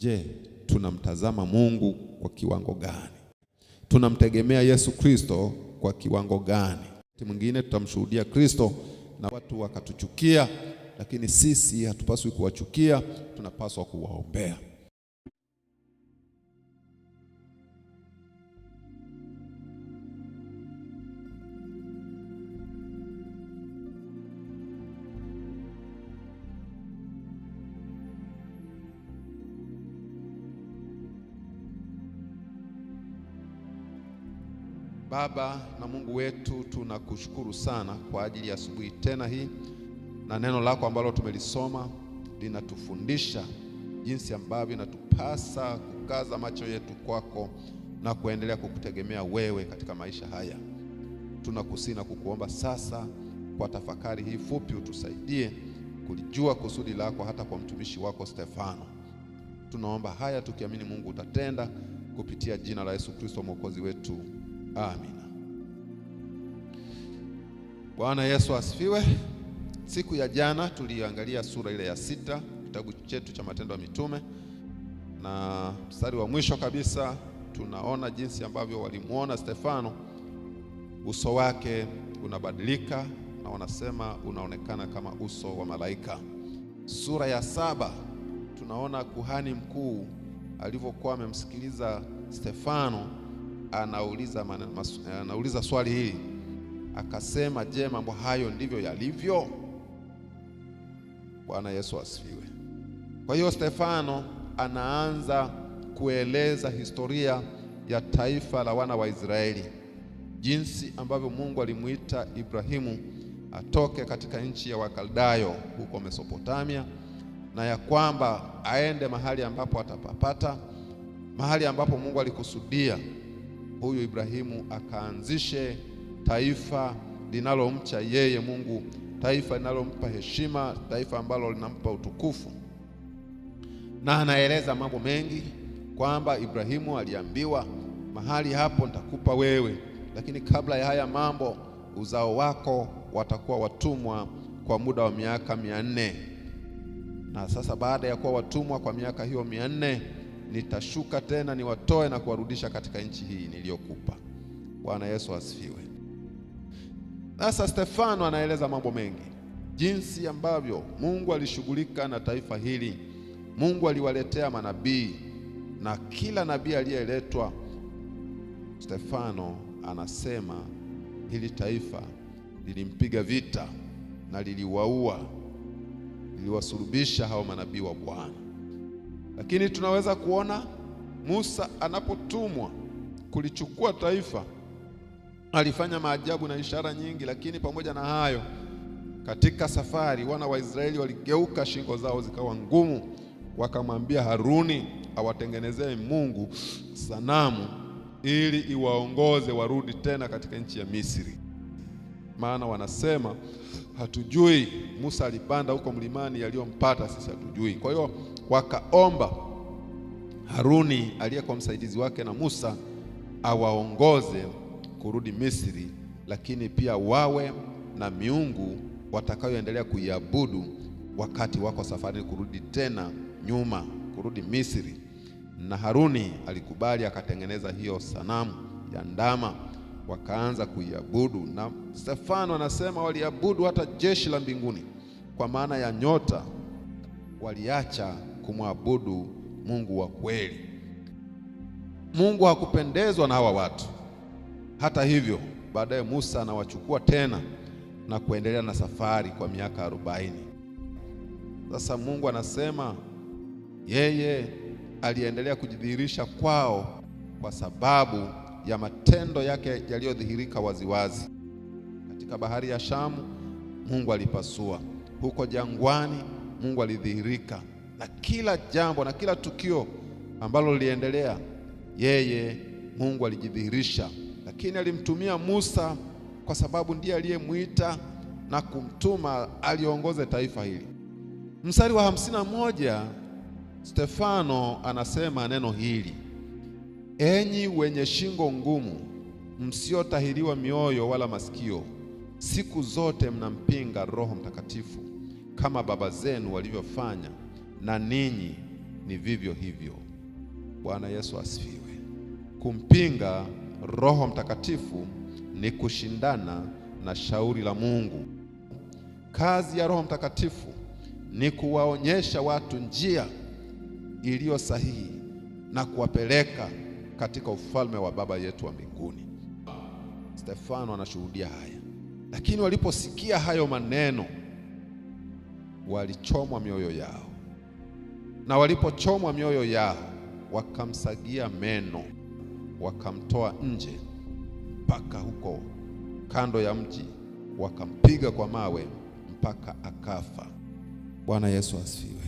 Je, tunamtazama Mungu kwa kiwango gani? Tunamtegemea Yesu Kristo kwa kiwango gani? Wakati mwingine tutamshuhudia Kristo na watu wakatuchukia, lakini sisi hatupaswi kuwachukia, tunapaswa kuwaombea. Baba na Mungu wetu, tunakushukuru sana kwa ajili ya asubuhi tena hii na neno lako ambalo tumelisoma linatufundisha jinsi ambavyo inatupasa kukaza macho yetu kwako na kuendelea kukutegemea wewe katika maisha haya. Tunakusihi na kukuomba sasa, kwa tafakari hii fupi, utusaidie kulijua kusudi lako hata kwa mtumishi wako Stefano. Tunaomba haya tukiamini Mungu utatenda kupitia jina la Yesu Kristo mwokozi wetu. Amina. Bwana Yesu asifiwe. Siku ya jana tuliangalia sura ile ya sita kitabu chetu cha Matendo ya Mitume, na mstari wa mwisho kabisa tunaona jinsi ambavyo walimwona Stefano, uso wake unabadilika na wanasema unaonekana kama uso wa malaika. Sura ya saba tunaona kuhani mkuu alivyokuwa amemsikiliza Stefano anauliza, eh, anauliza swali hili akasema, je, mambo hayo ndivyo yalivyo? Bwana Yesu asifiwe. Kwa hiyo Stefano anaanza kueleza historia ya taifa la wana wa Israeli, jinsi ambavyo Mungu alimuita Ibrahimu atoke katika nchi ya Wakaldayo huko Mesopotamia, na ya kwamba aende mahali ambapo atapapata mahali ambapo Mungu alikusudia huyu Ibrahimu akaanzishe taifa linalomcha yeye Mungu, taifa linalompa heshima, taifa ambalo linampa utukufu. Na anaeleza mambo mengi kwamba Ibrahimu aliambiwa mahali hapo nitakupa wewe, lakini kabla ya haya mambo uzao wako watakuwa watumwa kwa muda wa miaka mia nne. Na sasa baada ya kuwa watumwa kwa miaka hiyo mia nne nitashuka tena niwatoe na kuwarudisha katika nchi hii niliyokupa. Bwana Yesu asifiwe. Sasa Stefano anaeleza mambo mengi, jinsi ambavyo Mungu alishughulika na taifa hili. Mungu aliwaletea manabii na kila nabii aliyeletwa, Stefano anasema hili taifa lilimpiga vita na liliwaua, liliwasulubisha hao manabii wa Bwana. Lakini tunaweza kuona Musa anapotumwa kulichukua taifa alifanya maajabu na ishara nyingi, lakini pamoja na hayo, katika safari wana wa Israeli waligeuka, shingo zao zikawa ngumu, wakamwambia Haruni awatengenezee Mungu sanamu ili iwaongoze warudi tena katika nchi ya Misri, maana wanasema hatujui Musa alipanda huko mlimani, yaliyompata sisi hatujui. Kwa hiyo wakaomba Haruni aliyekuwa msaidizi wake na Musa awaongoze kurudi Misri, lakini pia wawe na miungu watakayoendelea kuiabudu wakati wako safarini kurudi tena nyuma, kurudi Misri. Na Haruni alikubali, akatengeneza hiyo sanamu ya ndama, wakaanza kuiabudu. Na Stefano anasema waliabudu hata jeshi la mbinguni, kwa maana ya nyota waliacha kumwabudu Mungu wa kweli. Mungu hakupendezwa na hawa watu. Hata hivyo, baadaye Musa anawachukua tena na kuendelea na safari kwa miaka arobaini. Sasa Mungu anasema yeye aliendelea kujidhihirisha kwao kwa sababu ya matendo yake yaliyodhihirika waziwazi. Katika bahari ya Shamu Mungu alipasua, huko jangwani Mungu alidhihirika na kila jambo na kila tukio ambalo liliendelea, yeye Mungu alijidhihirisha, lakini alimtumia Musa kwa sababu ndiye aliyemwita na kumtuma aliongoze taifa hili. Mstari wa hamsini na moja Stefano anasema neno hili, enyi wenye shingo ngumu, msiotahiriwa mioyo wala masikio, siku zote mnampinga Roho Mtakatifu kama baba zenu walivyofanya na ninyi ni vivyo hivyo. Bwana Yesu asifiwe. Kumpinga Roho Mtakatifu ni kushindana na shauri la Mungu. Kazi ya Roho Mtakatifu ni kuwaonyesha watu njia iliyo sahihi na kuwapeleka katika ufalme wa Baba yetu wa mbinguni. Stefano anashuhudia haya. Lakini waliposikia hayo maneno walichomwa mioyo yao. Na walipochomwa mioyo yao, wakamsagia meno, wakamtoa nje mpaka huko kando ya mji, wakampiga kwa mawe mpaka akafa. Bwana Yesu asifiwe.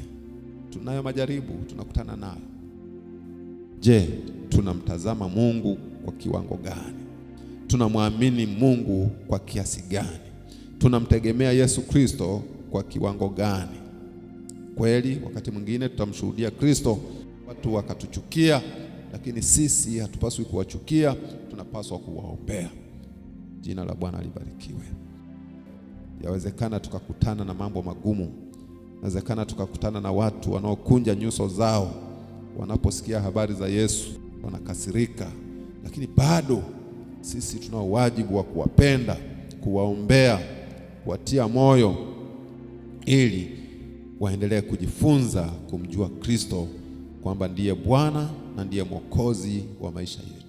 Tunayo majaribu, tunakutana nayo. Je, tunamtazama Mungu kwa kiwango gani? Tunamwamini Mungu kwa kiasi gani? Tunamtegemea Yesu Kristo kwa kiwango gani? Kweli wakati mwingine tutamshuhudia Kristo, watu wakatuchukia, lakini sisi hatupaswi kuwachukia, tunapaswa kuwaombea. Jina la Bwana libarikiwe. Yawezekana tukakutana na mambo magumu, yawezekana tukakutana na watu wanaokunja nyuso zao wanaposikia habari za Yesu, wanakasirika, lakini bado sisi tunao wajibu wa kuwapenda, kuwaombea, kuwatia moyo ili waendelee kujifunza kumjua Kristo kwamba ndiye Bwana na ndiye Mwokozi wa maisha yetu.